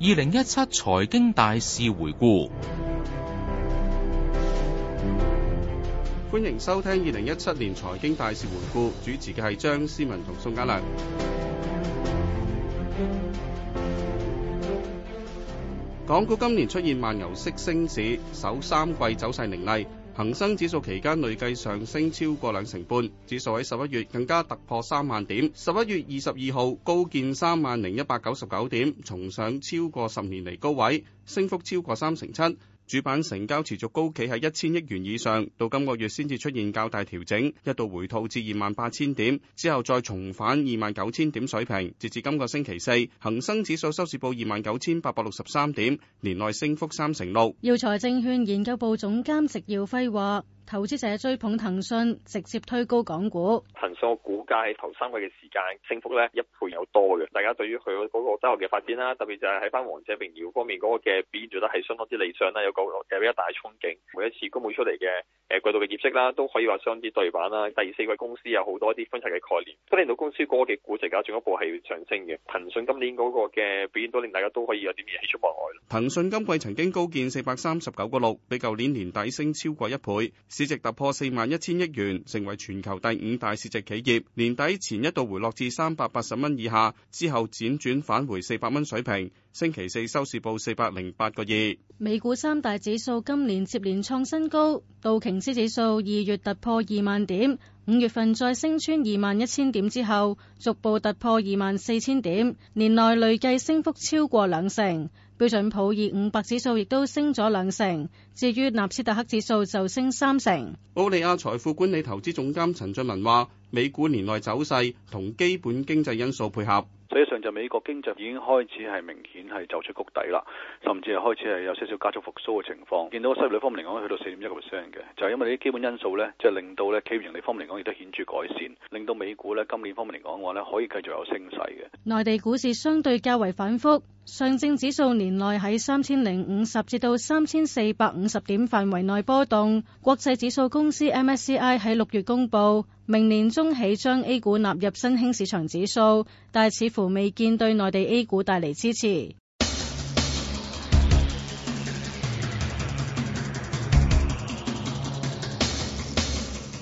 二零一七財經大事回顧，歡迎收聽二零一七年財經大事回顧，主持嘅係張詩民同宋家樑。 港股今年出現慢牛式升市，首三季走勢凌厲。恒生指數期間累計上升超過兩成半，指數喺十一月更加突破三萬點。十一月二十二號，高見三萬零一百九十九點，重上超過十年嚟高位，升幅超過三成七。主板成交持續高企喺一千億元以上，到今個月先至出現較大調整，一度回吐至二萬八千點，之後再重返二萬九千點水平，截至今個星期四，恒生指數收市報二萬九千八百六十三點，年內升幅三成六。耀才證券研究部總監植耀輝話。投資者追捧騰訊，直接推高港股。騰訊個股價喺頭三季嘅時間，升幅咧一倍有多嘅。大家對於佢嗰嗰個周嘅發展啦，特別就係喺翻王者榮耀方面嗰個嘅表現做得係相當之理想啦，有個比較大嘅憧憬。每一次公布出嚟嘅誒季度嘅業績啦，都可以話相對啲對板啦。第四季公司有好多一啲分析嘅概念，都令到公司嗰個嘅估值啊，進一步係上升嘅。騰訊今年嗰個嘅表現都令大家都可以有啲嘢喜出望外。騰訊今季曾經高見四百三十九個六，比舊年年底升超過一倍。市值突破四萬一千億元，成為全球第五大市值企業。年底前一度回落至三百八十蚊以下，之後輾轉返回四百蚊水平。星期四收市報四百零八個二，美股三大指數今年接連創新高，道瓊斯指數二月突破二萬點，五月份再升穿二萬一千點之後，逐步突破二萬四千點，年內累計升幅超過兩成。標準普爾五百指數亦都升咗兩成，至於納斯達克指數就升三成。奧利亞財富管理投資總監陳俊文話。美股年內走勢同基本經濟因素配合，實際上就美國經濟已經開始係明顯係走出谷底啦，甚至係開始係有少少加速復蘇嘅情況。見到失業率方面嚟講去到四點一個 percent 嘅，就係因為呢啲基本因素咧，即係令到咧企業盈利方面嚟講亦都顯著改善，令到美股咧今年方面嚟講嘅話咧，可以繼續有升勢嘅。內地股市相對較為反覆。上證指數年內喺三千零五十至到三千四百五十點範圍內波動。國際指數公司 MSCI 喺六月公布，明年中起將 A 股納入新興市場指數，但似乎未見對內地 A 股帶嚟支持。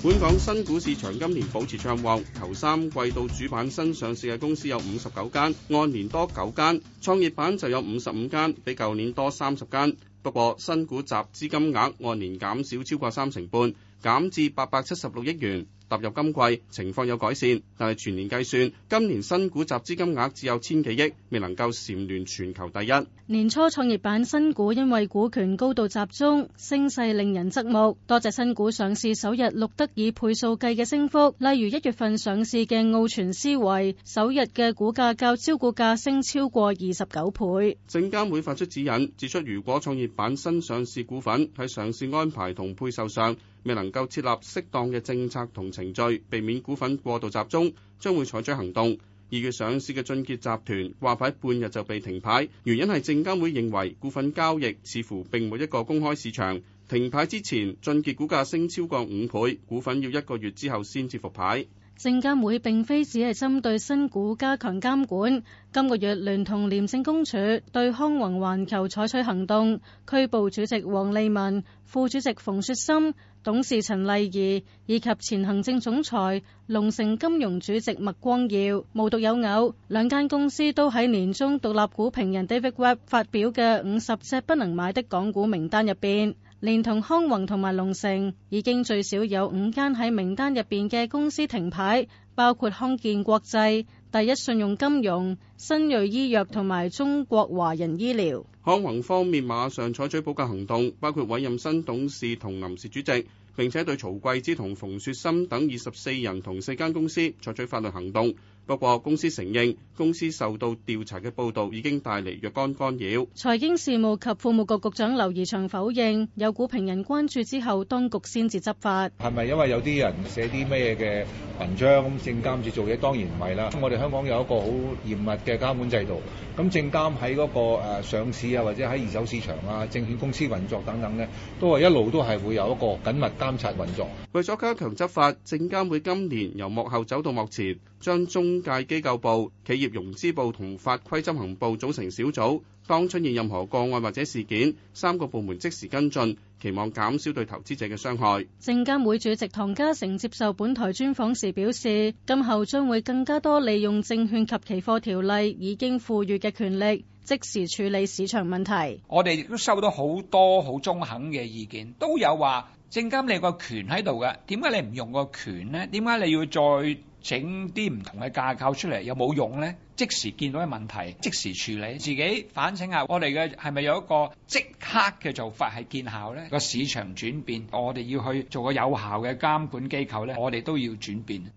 本港新股市場今年保持暢旺，頭三季度主板新上市嘅公司有五十九間，按年多九間；創業板就有五十五間，比舊年多三十間。不過，新股集資金額按年減少超過三成半，減至八百七十六億元。踏入今季情況有改善，但係全年計算，今年新股集資金額只有千幾億，未能夠蟬聯全球第一。年初創業板新股因為股權高度集中，升勢令人側目。多隻新股上市首日錄得以倍數計嘅升幅，例如一月份上市嘅奧全思維，首日嘅股價較招股價升超過二十九倍。證監會發出指引，指出如果創業板新上市股份喺上市安排同配售上，未能夠設立適當嘅政策同程序，避免股份過度集中，將會採取行動。二月上市嘅俊傑集團，掛牌半日就被停牌，原因係證監會認為股份交易似乎並沒一個公開市場。停牌之前，俊傑股價升超過五倍，股份要一個月之後先至復牌。證監會並非只係針對新股加強監管，今個月聯同廉政公署對康宏環球採取行動，拘捕主席黃利文、副主席馮雪心、董事陳麗儀以及前行政總裁龍城金融主席麥光耀。無獨有偶，兩間公司都喺年中獨立股評人 David Webb 發表嘅五十隻不能買的港股名單入邊。連同康宏同埋龍城，已經最少有五間喺名單入邊嘅公司停牌，包括康健國際、第一信用金融、新瑞醫藥同埋中國華人醫療。康宏方面馬上採取補救行動，包括委任新董事同臨時主席，並且對曹貴子同馮雪心等二十四人同四間公司採取法律行動。不過公司承認，公司受到調查嘅報道已經帶嚟若干干擾。財經事務及庫務局局長劉怡翔否認，有股評人關注之後，當局先至執法。係咪因為有啲人寫啲咩嘅文章？咁證監處做嘢，當然唔係啦。我哋香港有一個好嚴密嘅監管制度。咁證監喺嗰個誒上市啊，或者喺二手市場啊，證券公司運作等等呢，都係一路都係會有一個緊密監察運作。為咗加強執法，證監會今年由幕後走到幕前，將中。界機構部、企業融資部同法規執行部組成小組，當出現任何個案或者事件，三個部門即時跟進，期望減少對投資者嘅傷害。證監會主席唐家成接受本台專訪時表示，今後將會更加多利用證券及期貨條例已經賦予嘅權力，即時處理市場問題。我哋亦都收到好多好中肯嘅意見，都有話。正金，你個權喺度嘅，點解你唔用個權咧？點解你要再整啲唔同嘅架構出嚟？有冇用咧？即時見到嘅問題，即時處理，自己反省下，我哋嘅係咪有一個即刻嘅做法係見效咧？個市場轉變，我哋要去做個有效嘅監管機構咧，我哋都要轉變。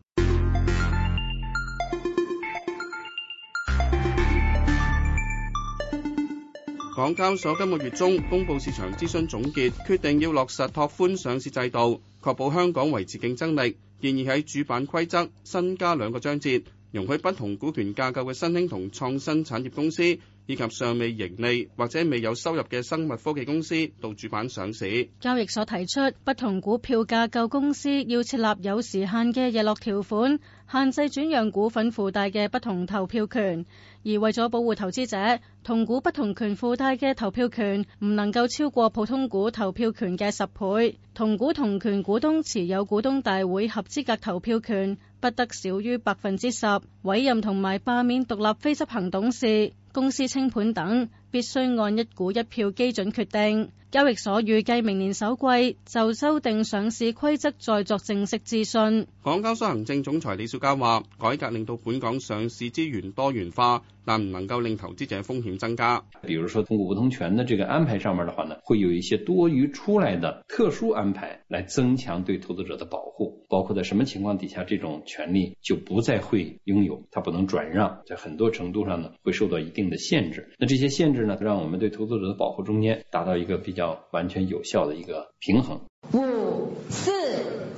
港交所今個月中公布市場諮詢總結，決定要落實拓寬上市制度，確保香港維持競爭力。建議喺主板規則新加兩個章節，容許不同股權架構嘅新興同創新產業公司以及尚未盈利或者未有收入嘅生物科技公司到主板上市。交易所提出，不同股票架構公司要設立有時限嘅日落條款。限制轉讓股份附帶嘅不同投票權，而為咗保護投資者，同股不同權附帶嘅投票權唔能夠超過普通股投票權嘅十倍。同股同權股東持有股東大會合資格投票權不得少於百分之十。委任同埋罷免獨立非執行董事、公司清盤等。必須按一股一票基準決定。交易所預計明年首季就修訂上市規則，再作正式諮詢。港交所行政總裁李小加話：改革令到本港上市資源多元化，但唔能夠令投資者風險增加。比如說，通過不同權的這個安排上面的話呢，會有一些多餘出來的特殊安排，來增強對投資者的保護。包括在什麼情況底下，這種權利就不再會擁有，它不能轉讓，在很多程度上呢，會受到一定的限制。那這些限制。讓我們對投資者的保護中間達到一個比較完全有效的一個平衡。五、四、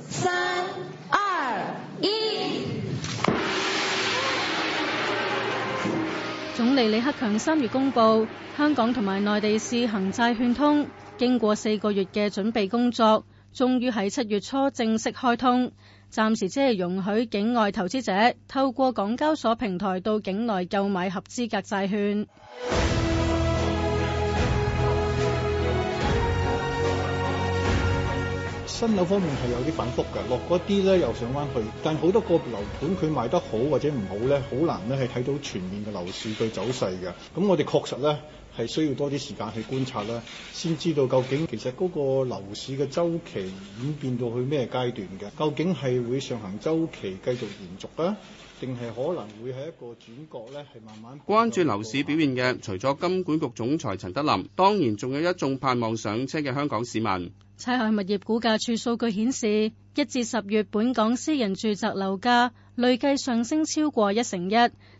三、二、一。總理李克強三月公布，香港同埋內地試行債券通，經過四個月嘅準備工作，終於喺七月初正式開通。暫時只係容許境外投資者透過港交所平台到境內購買合資格債券。新樓方面係有啲反覆嘅，落嗰啲咧又上翻去，但好多個別樓盤佢賣得好或者唔好咧，好難咧係睇到全面嘅樓市嘅走勢嘅。咁我哋確實咧係需要多啲時間去觀察啦，先知道究竟其實嗰個樓市嘅周期已演變到去咩階段嘅，究竟係會上行周期繼續延續啊，定係可能會係一個轉角咧係慢慢、那個、關注樓市表現嘅，除咗金管局總裁陳德霖，當然仲有一眾盼望上車嘅香港市民。差餉物業估價署數據顯示，一至十月本港私人住宅樓價累計上升超過一成一，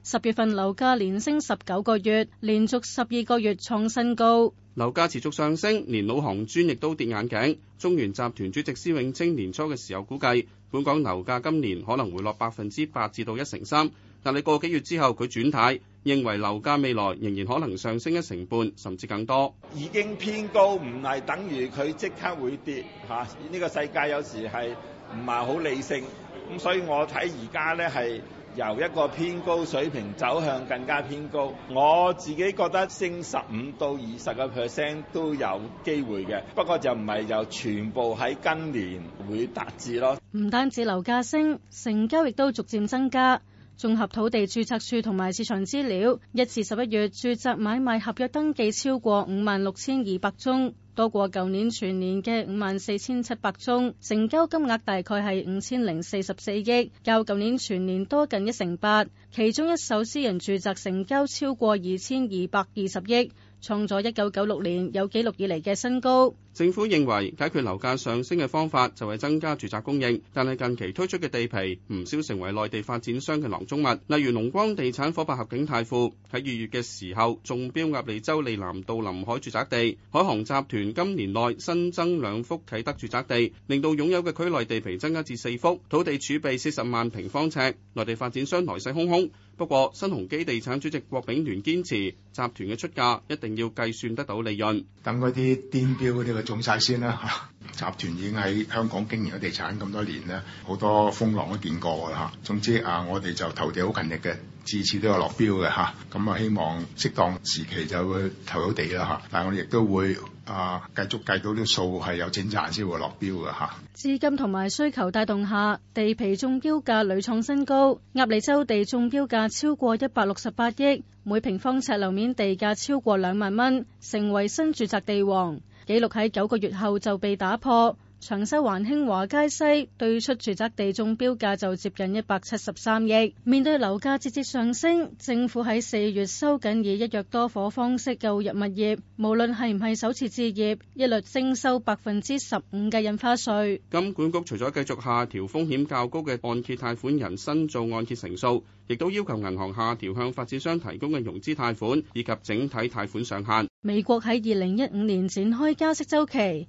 十月份樓價連升十九個月，連續十二個月創新高。樓價持續上升，連老行尊亦都跌眼鏡。中原集團主席施永青年初嘅時候估計，本港樓價今年可能回落百分之八至到一成三，但係過幾月之後佢轉軚，認為樓價未來仍然可能上升一成半甚至更多，已經偏高，唔係等於佢即刻會跌。吓，呢個世界有時係唔係好理性，咁所以我睇而家咧係由一個偏高水平走向更加偏高。我自己覺得升十五到二十個 percent 都有機會嘅，不過就唔係由全部喺今年會達至咯。唔單止樓價升，成交亦都逐漸增加。綜合土地注冊處同埋市場資料，一至十一月住宅買賣合約登記超過五萬六千二百宗，多過舊年全年嘅五萬四千七百宗，成交金額大概係五千零四十四億，較舊年全年多近一成八。其中一手私人住宅成交超過二千二百二十億。創咗一九九六年有紀錄以嚟嘅新高。政府認為解決樓價上升嘅方法就係增加住宅供應，但係近期推出嘅地皮唔少成為內地發展商嘅囊中物。例如龍光地產火爆合景泰富喺二月嘅時候中標鴨脷洲利南道臨海住宅地，海航集團今年內新增兩幅啟德住宅地，令到擁有嘅區內地皮增加至四幅，土地儲備四十萬平方尺，內地發展商來勢洶洶。不過，新鴻基地產主席郭炳聯堅持集團嘅出價一定要計算得到利潤，等嗰啲癲標嗰啲佢中晒先啦、啊、嚇。集團已經喺香港經營咗地產咁多年啦，好多風浪都見過啦嚇。總之啊，我哋就投地好勤力嘅，次次都有落標嘅嚇。咁啊，希望適當時期就會投到地啦嚇。但係我哋亦都會。啊！繼續計到啲數係有政策先會落標㗎嚇。資金同埋需求帶動下，地皮中標價屢創新高。鴨脷洲地中標價超過一百六十八億，每平方尺樓面地價超過兩萬蚊，成為新住宅地王。紀錄喺九個月後就被打破。長沙灣興華街西對出住宅地中標價就接近一百七十三億。面對樓價節節上升，政府喺四月收緊以一約多伙方式購入物業，無論係唔係首次置業，一律徵收百分之十五嘅印花稅。金管局除咗繼續下調風險較高嘅按揭貸款人新做按揭成數，亦都要求銀行下調向發展商提供嘅融資貸款以及整體貸款上限。美國喺二零一五年展開加息周期。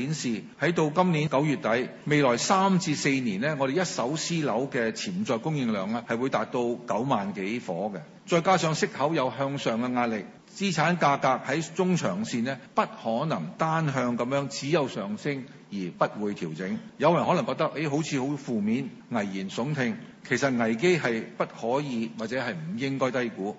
顯示喺到今年九月底，未來三至四年呢，我哋一手私樓嘅潛在供應量呢係會達到九萬幾夥嘅。再加上息口有向上嘅壓力，資產價格喺中長線呢不可能單向咁樣只有上升而不會調整。有人可能覺得，哎、好似好負面，危言聳聽，其實危機係不可以或者係唔應該低估。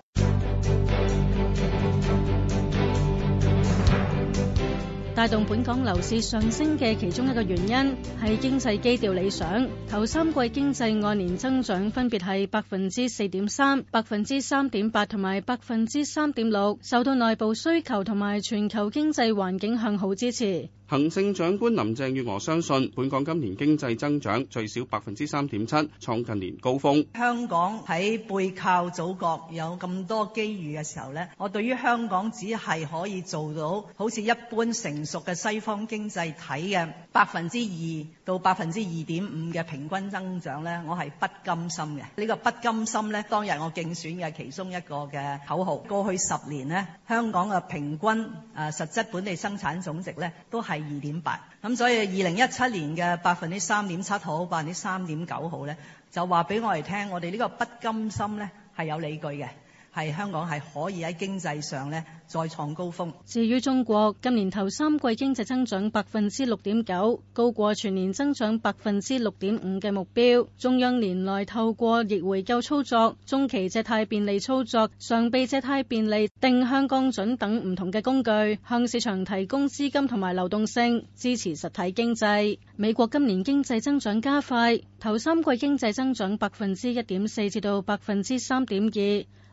帶動本港樓市上升嘅其中一個原因係經濟基調理想，頭三季經濟按年增長分別係百分之四點三、百分之三點八同埋百分之三點六，受到內部需求同埋全球經濟環境向好支持。行政長官林鄭月娥相信，本港今年經濟增長最少百分之三點七，創近年高峰。香港喺背靠祖國有咁多機遇嘅時候呢，我對於香港只係可以做到好似一般成熟嘅西方經濟體嘅百分之二到百分之二點五嘅平均增長咧，我係不甘心嘅。呢、這個不甘心咧，當日我競選嘅其中一個嘅口號。過去十年咧，香港嘅平均誒實質本地生產總值咧，都係二點八。咁所以二零一七年嘅百分之三點七好，百分之三點九好咧，就話俾我哋聽，我哋呢個不甘心咧係有理據嘅。係香港係可以喺經濟上呢，再創高峰。至於中國，今年頭三季經濟增長百分之六點九，高過全年增長百分之六點五嘅目標。中央年內透過逆回購操作、中期借貸便利操作、常備借貸便利定向降準等唔同嘅工具，向市場提供資金同埋流動性，支持實體經濟。美國今年經濟增長加快，頭三季經濟增長百分之一點四至到百分之三點二。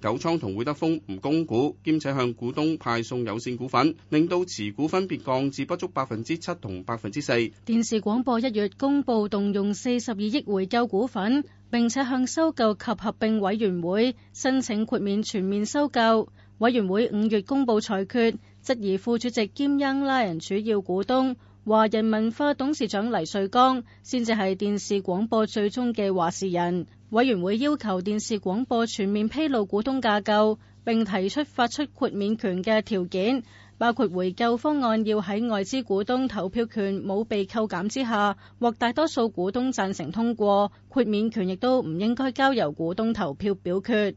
九倉同會德豐唔供股，兼且向股東派送有線股份，令到持股分別降至不足百分之七同百分之四。電視廣播一月公布動用四十二億回購股份，並且向收購及合併委員會申請豁免全面收購。委員會五月公布裁決，質疑副主席兼因拉人主要股東華人文化董事長黎瑞剛，先至係電視廣播最終嘅話事人。委員會要求電視廣播全面披露股東架構，並提出發出豁免權嘅條件，包括回購方案要喺外資股東投票權冇被扣減之下，獲大多數股東贊成通過，豁免權亦都唔應該交由股東投票表決。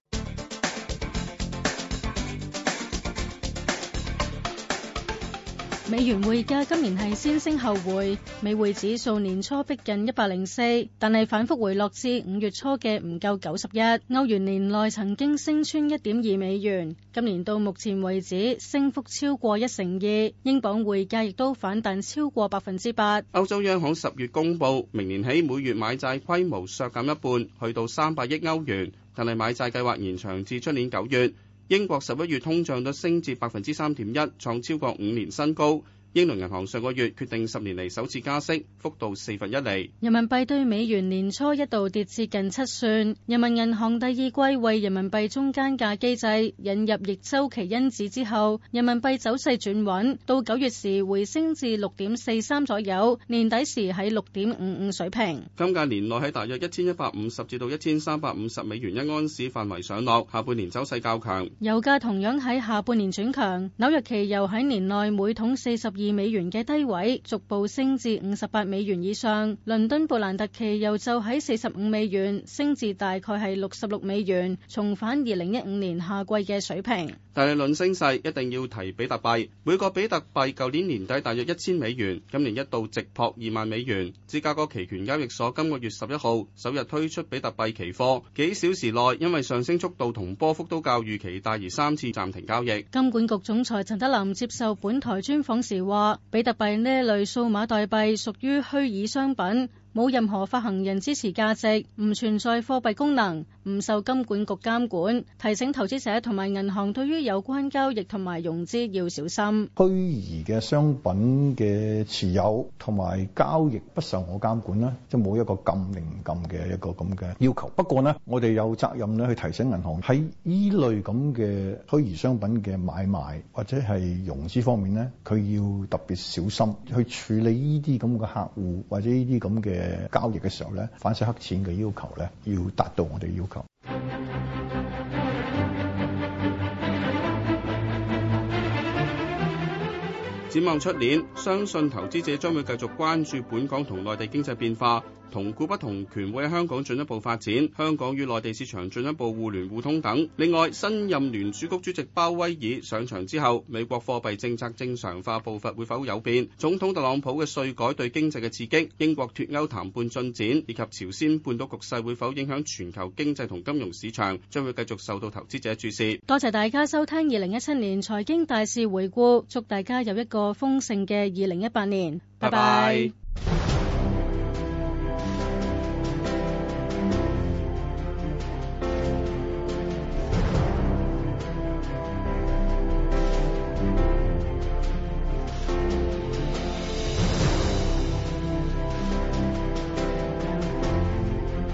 美元匯價今年係先升後回，美匯指數年初逼近一百零四，但係反覆回落至五月初嘅唔夠九十一。歐元年內曾經升穿一點二美元，今年到目前為止升幅超過一成二。英鎊匯價亦都反彈超過百分之八。歐洲央行十月公佈，明年起每月買債規模削減一半，去到三百億歐元，但係買債計劃延長至出年九月。英國十一月通脹率升至百分之三點一，創超過五年新高。英倫銀行上個月決定十年嚟首次加息，幅度四分一厘。人民幣兌美元年初一度跌至近七算，人民銀行第二季為人民幣中間價機制引入逆周期因子之後，人民幣走勢轉穩，到九月時回升至六點四三左右，年底時喺六點五五水平。金價年內喺大約一千一百五十至到一千三百五十美元一盎司範圍上落，下半年走勢較強。油價同樣喺下半年轉強，紐約期油喺年內每桶四十二。二美元嘅低位逐步升至五十八美元以上，倫敦布蘭特期油就喺四十五美元升至大概係六十六美元，重返二零一五年夏季嘅水平。但係論升勢，一定要提比特幣。每個比特幣舊年年底大約一千美元，今年一度直迫二萬美元。芝加哥期權交易所今個月十一號首日推出比特幣期貨，幾小時內因為上升速度同波幅都較預期大，而三次暫停交易。金管局總裁陳德霖接受本台專訪時話比特幣呢類數碼代幣屬於虛擬商品。冇任何發行人支持價值，唔存在貨幣功能，唔受金管局監管。提醒投資者同埋銀行對於有關交易同埋融資要小心。虛擬嘅商品嘅持有同埋交易不受我監管啦，即係冇一個禁令禁嘅一個咁嘅要求。不過呢，我哋有責任咧去提醒銀行喺呢類咁嘅虛擬商品嘅買賣或者係融資方面咧，佢要特別小心去處理呢啲咁嘅客戶或者呢啲咁嘅。誒交易嘅時候咧，反洗黑錢嘅要求咧，要達到我哋要求。展望出年，相信投資者將會繼續關注本港同內地經濟變化。同股不同權會喺香港進一步發展，香港與內地市場進一步互聯互通等。另外，新任聯儲局主席鮑威爾上場之後，美國貨幣政策正常化步伐會否有變？總統特朗普嘅稅改對經濟嘅刺激，英國脫歐談判進展以及朝鮮半島局勢會否影響全球經濟同金融市場，將會繼續受到投資者注視。多謝大家收聽二零一七年財經大事回顧，祝大家有一個豐盛嘅二零一八年。拜拜。